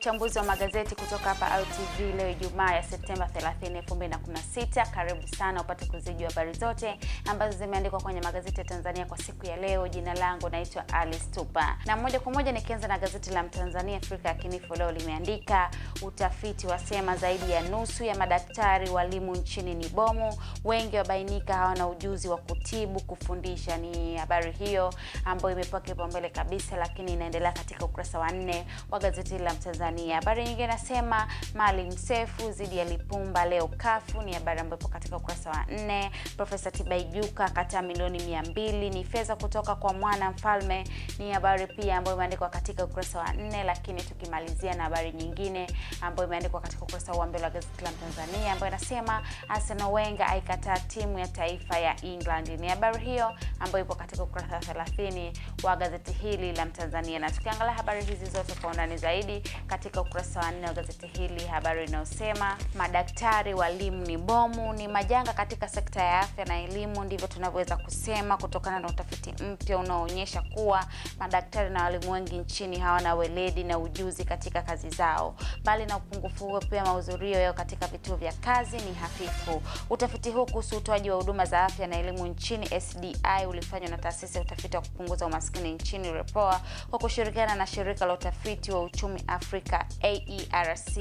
uchambuzi wa magazeti kutoka hapa Au leo Ijumaa ya Septemba 30, 2016. Karibu sana upate kuzijua habari zote ambazo zimeandikwa kwenye magazeti ya Tanzania kwa siku ya leo. Jina langu naitwa Alice Tupa, na moja kwa moja nikianza na gazeti la Mtanzania Afrika ya leo limeandika utafiti wasema zaidi ya nusu ya madaktari walimu nchini ni bomu, wengi wabainika hawana ujuzi wa kutibu kufundisha. Ni habari hiyo ambayo imepewa kipaumbele kabisa, lakini inaendelea katika ukurasa wa nne wa gazeti la Mtanzania Tanzania. Habari nyingine inasema Maalim Seif dhidi ya Lipumba leo kafu, ni habari ambayo katika ukurasa wa nne. Profesa Tibaijuka kataa milioni mia mbili ni fedha kutoka kwa mwana mfalme, ni habari pia ambayo imeandikwa katika ukurasa wa nne. Lakini tukimalizia na habari nyingine ambayo imeandikwa katika ukurasa wa mbele wa gazeti la Tanzania ambayo inasema Arsenal Wenger aikataa timu ya taifa ya England, ni habari hiyo ambayo ipo katika ukurasa wa 30 wa gazeti hili la Mtanzania, na tukiangalia habari hizi zote kwa undani zaidi katika katika ukurasa wa nne wa gazeti hili habari inayosema madaktari, walimu ni bomu, ni majanga katika sekta ya afya na elimu. Ndivyo tunavyoweza kusema kutokana na utafiti mpya unaoonyesha kuwa madaktari na walimu wengi nchini hawana weledi na ujuzi katika kazi zao. Mbali na upungufu huo, pia mahudhurio yao katika vituo vya kazi ni hafifu. Utafiti huu kuhusu utoaji wa huduma za afya na elimu nchini SDI ulifanywa na taasisi ya utafiti wa kupunguza umaskini nchini REPOA kwa kushirikiana na shirika la utafiti wa uchumi Afrika shirika AERC.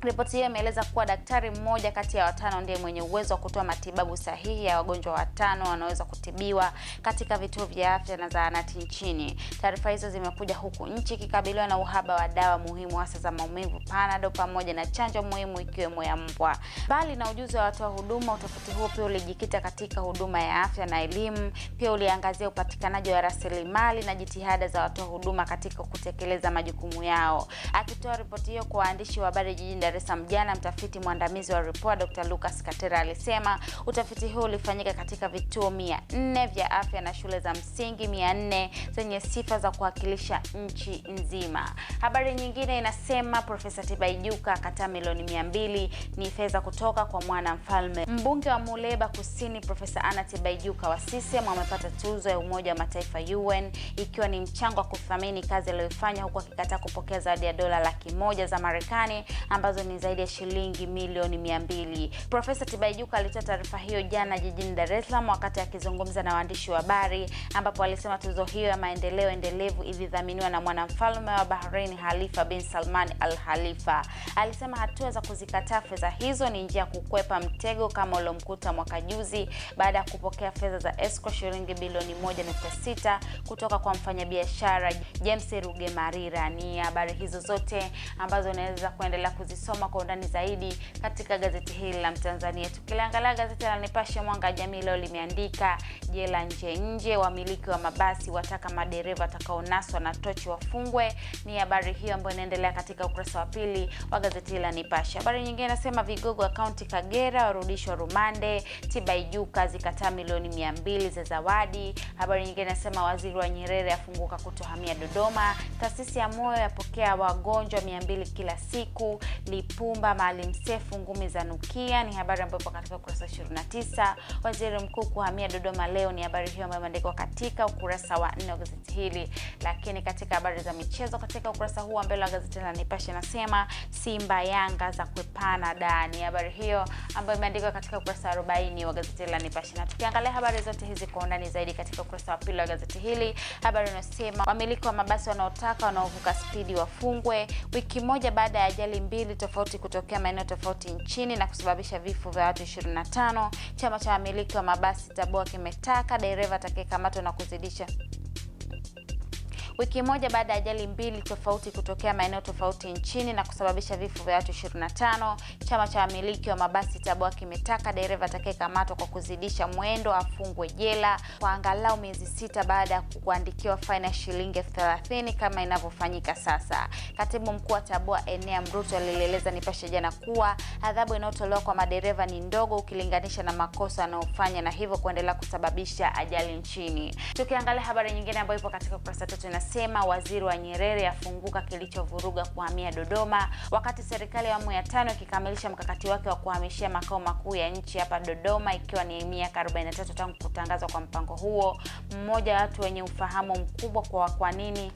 Ripoti hiyo imeeleza kuwa daktari mmoja kati ya watano ndiye mwenye uwezo wa kutoa matibabu sahihi ya wagonjwa watano wanaoweza kutibiwa katika vituo vya afya na zahanati nchini. Taarifa hizo zimekuja huku nchi ikikabiliwa na uhaba wa dawa muhimu hasa za maumivu, Panado pamoja na chanjo muhimu ikiwemo ya mbwa. Mbali na ujuzi wa watoa huduma, utafiti huo pia ulijikita katika huduma ya afya na elimu. Pia uliangazia upatikanaji wa rasilimali na jitihada za watoa huduma katika kutekeleza majukumu yao. Akitoa Akitoa ripoti hiyo kwa waandishi wa habari jijini Dar es Salaam jana, mtafiti mwandamizi wa Ripoa Dr. Lucas Katera alisema utafiti huu ulifanyika katika vituo mia nne vya afya na shule za msingi mia nne zenye sifa za kuwakilisha nchi nzima. Habari nyingine inasema Profesa Tibaijuka akataa milioni mia mbili ni fedha kutoka kwa mwana mfalme. Mbunge wa Muleba Kusini Profesa Anna Tibaijuka wa CCM amepata tuzo ya Umoja wa Mataifa UN ikiwa ni mchango wa kuthamini kazi aliyofanya huku akikataa kupokea zawadi ya dola laki laki moja za Marekani ambazo ni zaidi ya shilingi milioni mia mbili. Profesa Tibaijuka alitoa taarifa hiyo jana jijini Dar es Salaam wakati akizungumza na waandishi wa habari, ambapo alisema tuzo hiyo ya maendeleo endelevu ilidhaminiwa na mwanamfalme wa Bahrain Khalifa bin Salman Al Khalifa. Alisema hatua za kuzikataa fedha hizo ni njia ya kukwepa mtego kama uliomkuta mwaka juzi baada ya kupokea fedha za escrow shilingi bilioni 1.6 kutoka kwa mfanyabiashara James Ruge Marira. Ni habari hizo zote ambazo unaweza kuendelea kuzisoma kwa undani zaidi katika gazeti hili la Mtanzania. Tukiliangalia gazeti la Nipashe Mwanga Jamii leo limeandika jela nje nje, wamiliki wa mabasi wataka madereva watakaonaswa na tochi wafungwe. Ni habari hiyo ambayo inaendelea katika ukurasa wa pili wa gazeti hili la Nipashe. Habari nyingine inasema vigogo wa kaunti Kagera warudishwa rumande, Tibaijuka zikataa milioni mia mbili za zawadi. Habari nyingine inasema waziri wa Nyerere afunguka kutohamia Dodoma, taasisi ya moyo yapokea wagonjwa wagonjwa 200 kila siku. Lipumba, Maalim Seif ngumi za nukia, ni habari ambayo ipo katika ukurasa wa 29. Waziri mkuu kuhamia Dodoma leo, ni habari hiyo ambayo imeandikwa katika ukurasa wa 4 wa gazeti hili. Lakini katika habari za michezo katika ukurasa huu wa mbele wa gazeti la Nipashe nasema Simba Yanga za kwepana dani, habari hiyo ambayo imeandikwa katika ukurasa wa 40 wa gazeti la Nipashe, na tukiangalia habari zote hizi kwa undani zaidi katika ukurasa wa pili wa gazeti hili, habari inasema wamiliki wa mabasi wanaotaka wanaovuka spidi wafungwe, wiki moja baada ya ajali mbili tofauti kutokea maeneo tofauti nchini na kusababisha vifo vya watu 25. Chama cha wamiliki wa mabasi Tabora kimetaka dereva atakayekamatwa na kuzidisha wiki moja baada ya ajali mbili tofauti kutokea maeneo tofauti nchini na kusababisha vifo vya watu 25. Chama cha wamiliki wa mabasi TABOA kimetaka dereva atakayekamatwa kwa kuzidisha mwendo afungwe jela kwa angalau miezi sita baada ya kuandikiwa faini ya shilingi elfu thelathini kama inavyofanyika sasa. Katibu mkuu wa TABOA Enea Mruto alieleza Nipashe jana kuwa adhabu inayotolewa kwa madereva ni ndogo ukilinganisha na makosa yanayofanya na hivyo kuendelea kusababisha ajali nchini. Tukiangalia habari nyingine ambayo ipo katika ukurasa anasema waziri wa Nyerere afunguka kilichovuruga kuhamia Dodoma, wakati serikali ya awamu ya tano ikikamilisha mkakati wake wa kuhamishia makao makuu ya nchi hapa Dodoma, ikiwa ni miaka 43 tangu kutangazwa kwa mpango huo. Mmoja wa watu wenye ufahamu mkubwa kwa kwa nini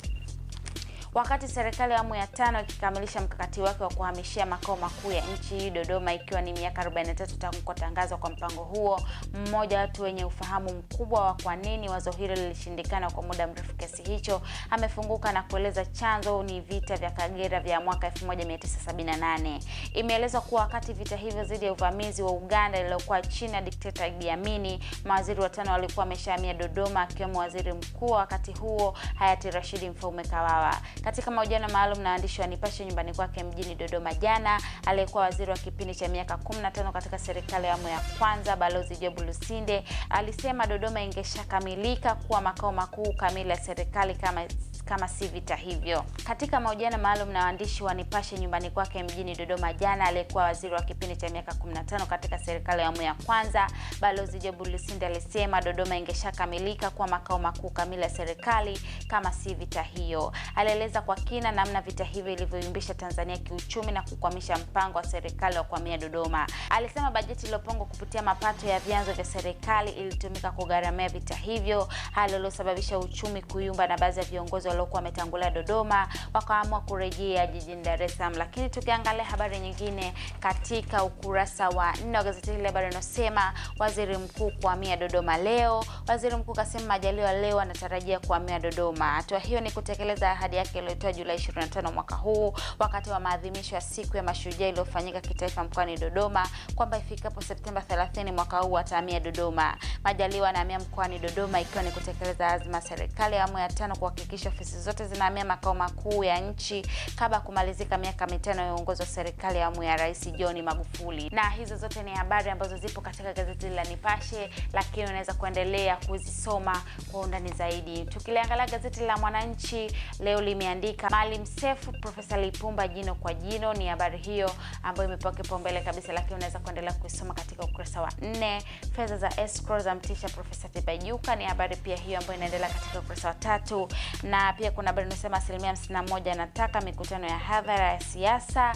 wakati serikali ya awamu ya tano ikikamilisha mkakati wake wa kuhamishia makao makuu ya nchi hii Dodoma, ikiwa ni miaka 43 tangu kutangazwa kwa mpango huo. Mmoja watu wenye ufahamu mkubwa wa kwa nini wazo hilo lilishindikana kwa muda mrefu kiasi hicho amefunguka na kueleza chanzo ni vita vya Kagera vya mwaka 1978. Imeelezwa kuwa wakati vita hivyo dhidi ya uvamizi wa Uganda iliyokuwa chini ya dikteta Idi Amin, mawaziri watano walikuwa wameshahamia Dodoma, akiwemo waziri mkuu wakati huo hayati Rashidi Mfaume Kawawa. Katika mahojiano maalum na waandishi wa Nipashe nyumbani kwake mjini Dodoma jana, aliyekuwa waziri wa kipindi cha miaka 15 katika serikali ya awamu ya kwanza Balozi Job Lusinde alisema Dodoma ingeshakamilika kuwa makao makuu kamili ya serikali kama kama si vita hivyo. Katika mahojiano maalum na waandishi wa Nipashe nyumbani kwake mjini Dodoma jana, aliyekuwa waziri wa kipindi cha miaka 15 katika serikali ya awamu ya kwanza Balozi Job Lusinda alisema Dodoma ingeshakamilika kuwa makao makuu kamili ya serikali kama si vita hiyo. Alieleza kwa kina namna vita hivyo ilivyoyumbisha Tanzania kiuchumi na kukwamisha mpango wa serikali wa kuhamia Dodoma. Alisema bajeti iliyopangwa kupitia mapato ya vyanzo vya serikali ilitumika kugharamia vita hivyo, hali iliyosababisha uchumi kuyumba na baadhi ya viongozi waliokuwa wametangulia Dodoma wakaamua kurejea jijini Dar es Salaam. Lakini tukiangalia habari nyingine katika ukurasa wa nne wa gazeti hili, habari inasema waziri mkuu kuhamia Dodoma leo. Waziri mkuu kasema Majaliwa leo anatarajia kuhamia Dodoma. Hatua hiyo ni kutekeleza ahadi yake iliyotoa Julai 25 mwaka huu wakati wa maadhimisho ya siku ya mashujaa iliyofanyika kitaifa mkoani Dodoma kwamba ifikapo Septemba 30 mwaka huu atahamia Dodoma. Majaliwa anahamia mkoani Dodoma ikiwa ni kutekeleza azma serikali ya awamu ya tano kuhakikisha ofisi zote zinahamia makao makuu ya nchi kabla kumalizika miaka mitano ya uongozi wa serikali ya awamu ya Rais John Magufuli. Na hizo zote ni habari ambazo zipo katika gazeti la Nipashe, lakini unaweza kuendelea kuzisoma kwa undani zaidi. Tukiliangalia gazeti la Mwananchi leo limeandika Maalim Seif, Profesa Lipumba jino kwa jino. Ni habari hiyo ambayo imepewa kipaumbele kabisa, lakini unaweza kuendelea kuisoma katika ukurasa wa nne. Fedha za escrow za mtisha Profesa Tibaijuka, ni habari pia hiyo ambayo inaendelea katika ukurasa wa tatu na pia kuna habari inasema asilimia hamsini moja anataka mikutano ya hadhara ya siasa.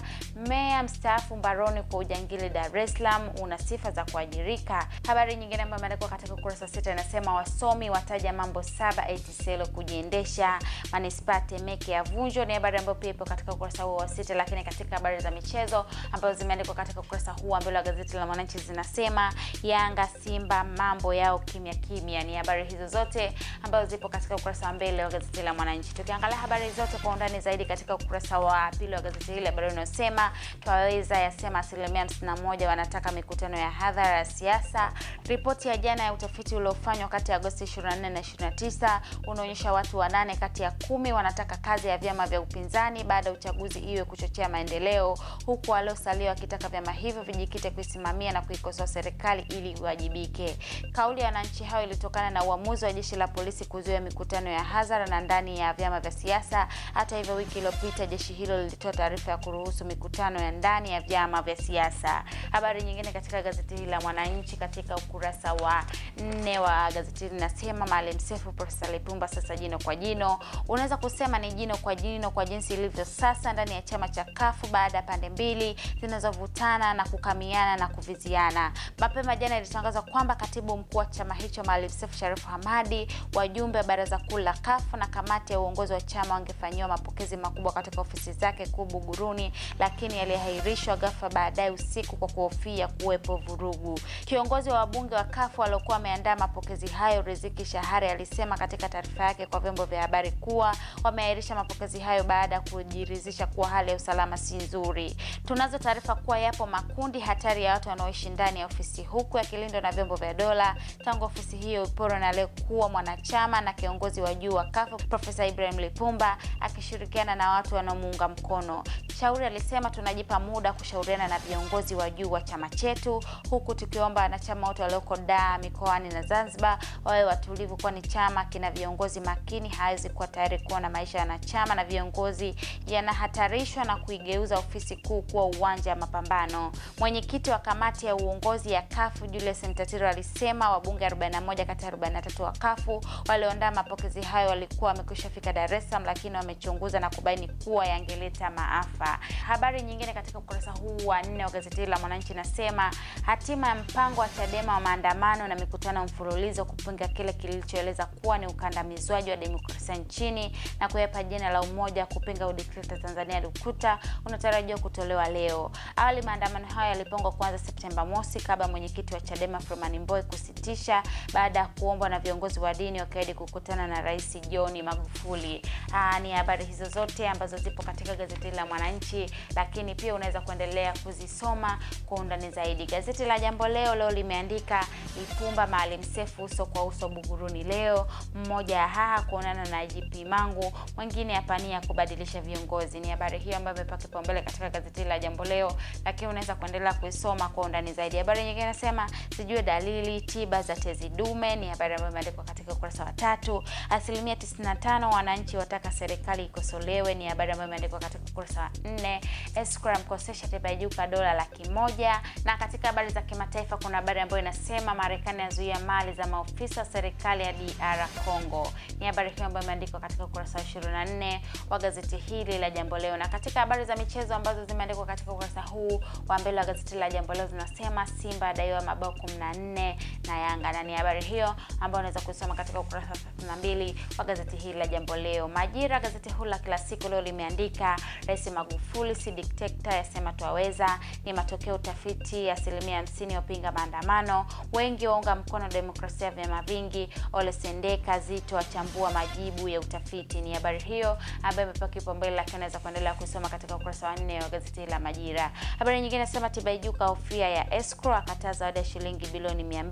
Meya mstaafu mbaroni kwa ujangili Dar es Salaam, una sifa za kuajirika. Habari nyingine ambayo imeandikwa katika ukurasa sita inasema wasomi wataja mambo saba ATCL kujiendesha. Manispaa Temeke yavunjwa, ni habari ambayo pia ipo katika ukurasa huo wa sita. Lakini katika habari za michezo ambazo zimeandikwa katika ukurasa huu wa mbele wa gazeti la Mwananchi zinasema Yanga Simba mambo yao kimya kimya, ni habari hizo zote ambazo zipo katika ukurasa wa mbele wa gazeti la Mwananchi. Mwananchi. Tukiangalia habari zote kwa undani zaidi katika ukurasa wa pili wa gazeti hili, habari inayosema Twaweza yasema asilimia 51 wanataka mikutano ya hadhara ya siasa. Ripoti ya jana ya utafiti uliofanywa kati ya Agosti 24 na 29 unaonyesha watu wanane kati ya kumi wanataka kazi ya vyama vya upinzani baada ya uchaguzi iwe kuchochea maendeleo, huku waliosalia wakitaka vyama hivyo vijikite kuisimamia na kuikosoa serikali ili iwajibike. Kauli ya wananchi hao ilitokana na uamuzi wa jeshi la polisi kuzuia mikutano ya hadhara na ndani ndani ya vyama vya siasa. Hata hivyo, wiki iliyopita jeshi hilo lilitoa taarifa ya kuruhusu mikutano ya ndani ya vyama vya siasa. Habari nyingine katika gazeti hili la Mwananchi katika ukurasa wa nne wa gazeti hili linasema Maalim Seif, Profesa Lipumba sasa jino kwa jino. Unaweza kusema ni jino kwa jino kwa jinsi ilivyo sasa ndani ya chama cha Kafu baada ya pande mbili zinazovutana na kukamiana na kuviziana. Mapema jana ilitangazwa kwamba katibu mkuu wa chama hicho Maalim Seif Sharif Hamadi, wajumbe wa baraza kuu la Kafu na kamati kamati ya uongozi wa chama wangefanyiwa mapokezi makubwa katika ofisi zake kuu Buguruni, lakini yaliahirishwa ghafla baadaye usiku kwa kuhofia kuwepo vurugu. Kiongozi wa wabunge wa kafu aliokuwa ameandaa mapokezi hayo, Riziki Shahari, alisema katika taarifa yake kwa vyombo vya habari kuwa wameahirisha mapokezi hayo baada ya kujiridhisha kuwa hali ya usalama si nzuri. Tunazo taarifa kuwa yapo makundi hatari ya watu wanaoishi ndani ya ofisi huku yakilindwa na vyombo vya dola tangu ofisi hiyo iporwe na aliyekuwa mwanachama na kiongozi wa juu wa kafu Prof. Profesa Ibrahim Lipumba akishirikiana na watu wanaomuunga mkono. Mshauri alisema tunajipa muda kushauriana na viongozi wa juu wa chama chetu, huku tukiomba wanachama wote walioko Dar, mikoani na Zanzibar wawe watulivu, kwani chama kina viongozi makini, hawezi kuwa tayari kuona maisha ya wanachama na viongozi yanahatarishwa na kuigeuza ofisi kuu kuwa uwanja wa mapambano. Mwenyekiti wa kamati ya uongozi ya kafu Julius Mtatiro alisema wabunge 41 kati ya 43 wa kafu walioandaa mapokezi hayo walikuwa wamekwishafika Dar es Salaam, lakini wamechunguza na kubaini kuwa yangeleta maafa. Habari nyingine katika ukurasa huu wa nne wa gazeti la Mwananchi nasema hatima ya mpango wa Chadema wa maandamano na mikutano mfululizo kupinga kile kilichoeleza kuwa ni ukandamizwaji wa demokrasia nchini na kuyapa jina la umoja kupinga udikteta Tanzania DUKUTA unatarajiwa kutolewa leo. Awali maandamano hayo yalipangwa kuanza Septemba mosi kabla mwenyekiti wa Chadema Freeman Mbowe kusitisha baada ya kuombwa na viongozi wa dini wakaidi kukutana na Rais John Magufuli. Aa, ni habari hizo zote ambazo zipo katika gazeti la Mwananchi nchi, lakini pia unaweza kuendelea kuzisoma kwa undani zaidi. Gazeti la Jambo Leo leo limeandika Lipumba Maalim Seif uso kwa uso Buguruni leo, mmoja haha kuonana na IGP Mangu, mwingine apania kubadilisha viongozi. Ni habari hiyo ambayo imepewa kipaumbele katika gazeti la Jambo Leo, lakini unaweza kuendelea kuisoma kwa undani zaidi. Habari nyingine inasema sijue dalili tiba za tezi dume, ni habari ambayo imeandikwa katika ukurasa wa tatu. Asilimia 95 wananchi wataka serikali ikosolewe, ni habari ambayo imeandikwa katika ukurasa wa 4 nne. escrow eh, anamkosesha Teba Juka dola laki moja. Na katika habari za kimataifa kuna habari ambayo inasema Marekani yazuia mali za maofisa wa serikali ya DR Congo. Ni habari hiyo ambayo imeandikwa katika ukurasa wa 24 wa gazeti hili la Jambo Leo. Na katika habari za michezo ambazo zimeandikwa katika ukurasa huu wa mbele wa gazeti la Jambo Leo zinasema Simba adaiwa mabao 14 na Yanga, na ni habari hiyo ambayo unaweza kusoma katika ukurasa wa 32 wa gazeti hili la Jambo Leo. Majira, gazeti hili la kila siku leo limeandika Rais Magufuli, si dikteta, yasema twaweza. Ni matokeo utafiti ya asilimia hamsini wapinga maandamano, wengi waunga mkono demokrasia ya vyama vingi. Ole Sendeka, Zito wachambua majibu ya utafiti. Ni habari hiyo ambayo imepewa kipaumbele, lakini unaweza kuendelea kusoma katika ukurasa wa nne wa gazeti la Majira. Habari nyingine nasema Tibaijuka hofia ya escrow, akataza ada ya shilingi bilioni mia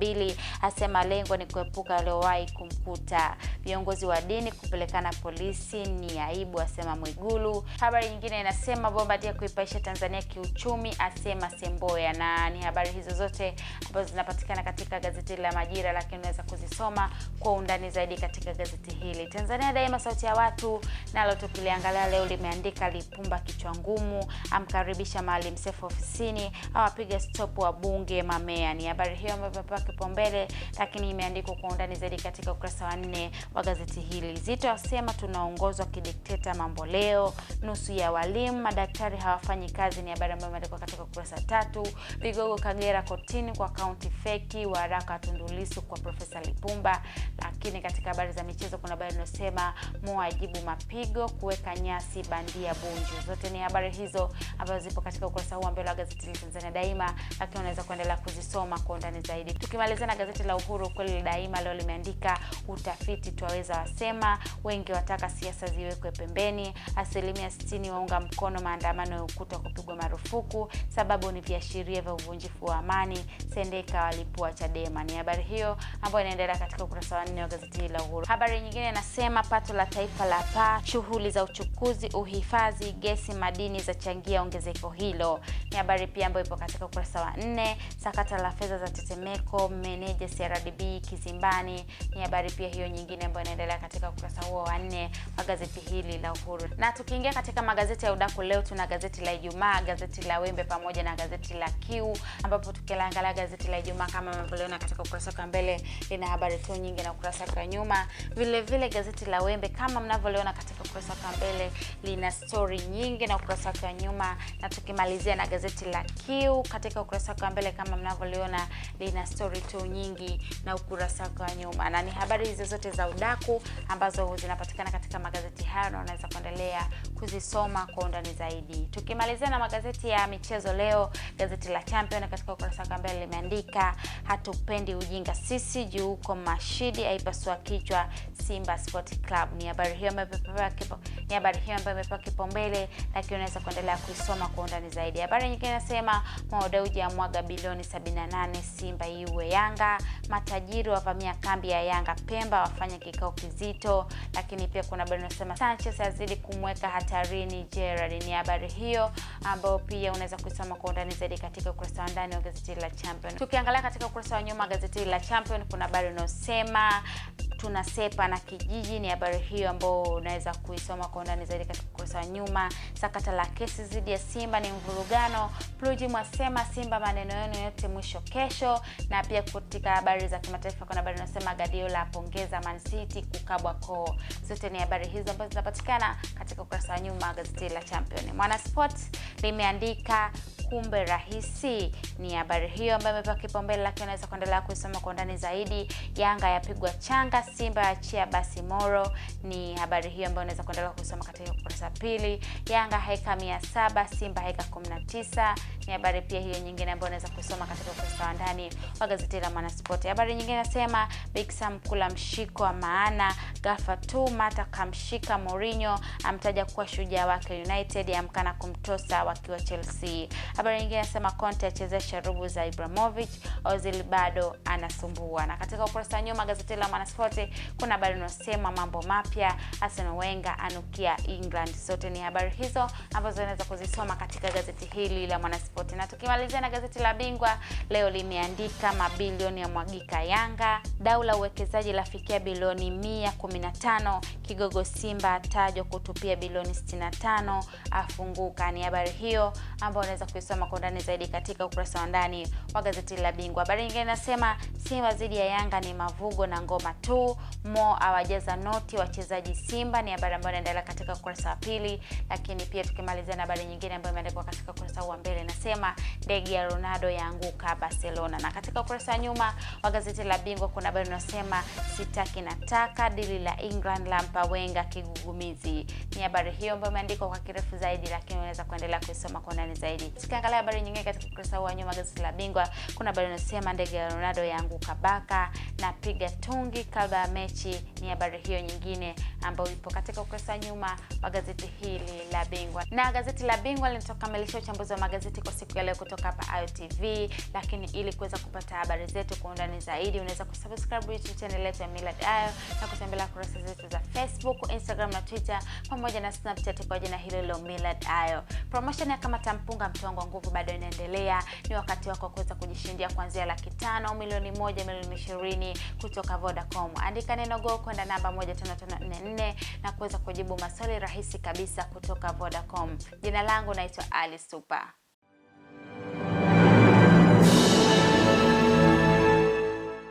asema lengo ni kuepuka waliowahi kumkuta. Viongozi wa dini kupelekana polisi ni aibu, asema Mwigulu. Habari nyingine inasema asema Bombardea kuipaisha Tanzania kiuchumi, asema Semboya. Na ni habari hizo zote ambazo zinapatikana katika gazeti la Majira, lakini unaweza kuzisoma kwa undani zaidi katika gazeti hili. Tanzania Daima, sauti ya watu, nalo tukiliangalia leo limeandika Lipumba kichwa ngumu, amkaribisha Maalim Seif ofisini, awapiga stop wa bunge mamea. Ni habari hiyo ambayo imepewa kipaumbele, lakini imeandikwa kwa undani zaidi katika ukurasa wa nne wa gazeti hili. Zito asema tunaongozwa kidikteta mambo leo, nusu ya walimu Kisumu madaktari hawafanyi kazi, ni habari ambayo imeandikwa katika ukurasa tatu. Vigogo Kagera kotini kwa kaunti feki, waraka tundulisu kwa Profesa Lipumba. Lakini katika habari za michezo kuna habari inayosema Mo mapigo kuweka nyasi bandia Bunju. Zote ni habari hizo ambazo zipo katika ukurasa huu ambao gazeti la Tanzania Daima, lakini unaweza kuendelea kuzisoma kwa undani zaidi. Tukimalizia na gazeti la Uhuru kweli daima leo limeandika utafiti twaweza wasema, wengi wataka siasa ziwekwe pembeni, asilimia 60 waunga mkono mkono maandamano ya UKUTA kupigwa marufuku, sababu ni viashiria vya uvunjifu wa amani, Sendeka walipua Chadema. Ni habari hiyo ambayo inaendelea katika ukurasa wa nne wa gazeti hili la Uhuru. Habari nyingine inasema pato la taifa la paa, shughuli za uchukuzi, uhifadhi, gesi, madini zachangia ongezeko hilo. Ni habari pia ambayo ipo katika ukurasa wa nne. Sakata la fedha za tetemeko, meneja CRDB kizimbani. Ni habari pia hiyo nyingine ambayo inaendelea katika ukurasa huo wa nne wa gazeti hili la Uhuru. Na tukiingia katika magazeti ya udaku yako leo tuna gazeti la Ijumaa, gazeti la Wembe pamoja na gazeti la Kiu, ambapo tukiangalia gazeti la Ijumaa kama mnavyoona katika ukurasa wa mbele lina habari tu nyingi na ukurasa wa nyuma vile vile, gazeti la Wembe kama mnavyoona katika ukurasa wa mbele lina story nyingi na ukurasa wa nyuma, na tukimalizia na gazeti la Kiu katika ukurasa wa mbele kama mnavyoona lina story tu nyingi na ukurasa wa nyuma, na ni habari hizo zote za udaku ambazo zinapatikana katika magazeti hayo, na unaweza kuendelea kuzisoma kwa undani undani zaidi. Tukimalizia na magazeti ya michezo leo, gazeti la Champion katika ukurasa wa mbele limeandika hatupendi ujinga sisi, juu huko Mashidi aipasua kichwa Simba Sport Club. Ni habari hiyo ambayo imepewa kipo ni habari hiyo ambayo imepewa kipaumbele, lakini unaweza kuendelea kuisoma kwa undani zaidi. Habari nyingine inasema ya mwaga bilioni 78 Simba iwe Yanga, matajiri wavamia kambi ya Yanga Pemba wafanya kikao kizito, lakini pia kuna habari inasema Sanchez azidi kumweka hatarini Gerard habari. Ni habari hiyo ambayo pia unaweza kuisoma kwa undani zaidi katika ukurasa wa ndani wa gazeti la Champion. Tukiangalia katika ukurasa wa nyuma gazeti la Champion kuna habari unaosema tunasepa na kijiji ni habari hiyo ambayo unaweza kuisoma kwa undani zaidi katika ukurasa wa nyuma. Sakata la kesi dhidi ya Simba ni mvurugano, Pluji mwasema Simba maneno yenu yote mwisho kesho. Na pia katika habari za kimataifa kuna habari inasema Guardiola apongeza Man City kukabwa koo. Zote ni habari hizo ambazo zinapatikana katika ukurasa wa nyuma gazeti la Champion. Mwanasport limeandika kumbe rahisi. Ni habari hiyo ambayo imepewa kipaumbele, lakini unaweza kuendelea kuisoma kwa undani zaidi. Yanga yapigwa changa, Simba yaachia basi Moro. Ni habari hiyo ambayo unaweza kuendelea kuisoma katika ukurasa pili. Yanga haika mia saba, Simba haika kumi na tisa. Ni habari pia hiyo nyingine ambayo unaweza kusoma katika ukurasa wa ndani wa gazeti la Mwanaspoti. Habari nyingine nasema Big Sam kula mshiko wa maana, gafa tu mata kamshika Mourinho, amtaja kuwa shujaa wake United, amkana kumtosa wakiwa Chelsea. Habari nyingine inasema Conte achezesha rubu za Ibrahimovic, Ozil bado anasumbua. Na katika ukurasa wa nyuma gazeti la Mwanaspoti kuna habari inasema mambo mapya, Arsene Wenger anukia England. Zote ni habari hizo ambazo unaweza kuzisoma katika gazeti hili la Mwanaspoti. Na tukimalizia na gazeti la Bingwa leo limeandika mabilioni ya mwagika Yanga, dau la uwekezaji lafikia bilioni 115, kigogo Simba atajwa kutupia bilioni 65, afunguka. Ni habari hiyo ambayo unaweza kuisoma kwa undani zaidi katika ukurasa wa ndani wa gazeti la Bingwa. Habari nyingine inasema Simba dhidi ya Yanga ni mavugo na ngoma tu, Mo awajaza noti wachezaji Simba, ni habari ambayo inaendelea katika ukurasa wa pili. Lakini pia tukimalizia na habari nyingine ambayo imeandikwa katika ukurasa wa mbele inasema ndege ya Ronaldo yaanguka Barcelona, na katika ukurasa wa nyuma wa gazeti la Bingwa kuna habari inasema sitaki nataka, dili la England lampa Wenga kigugumizi, ni habari hiyo ambayo imeandikwa kwa kirefu zaidi, lakini unaweza kuendelea kuisoma kwa undani zaidi. Tukiangalia habari nyingine katika ukurasa wa nyuma gazeti la Bingwa, kuna habari inasema ndege ya Ronaldo yaanguka Baka na piga tungi kabla ya mechi, ni habari hiyo nyingine ambayo ipo katika ukurasa wa nyuma wa gazeti hili la Bingwa. Na gazeti la Bingwa linatokamilisha uchambuzi wa magazeti kwa siku ya leo kutoka hapa Ayo TV, lakini ili kuweza kupata habari zetu kwa undani zaidi, unaweza kusubscribe YouTube channel yetu ya Millard Ayo na kutembelea kurasa zetu za Facebook, Instagram na Twitter pamoja na Snapchat kwa jina hilo hilo Millard Ayo. Promotion ya kamata mpunga mtongo nguvu bado inaendelea. Ni wakati wako kuweza kujishindia kuanzia laki tano milioni moja milioni ishirini kutoka Vodacom. Andika neno go kwenda namba 15544 na kuweza kujibu maswali rahisi kabisa kutoka Vodacom. Jina langu naitwa Ali Super.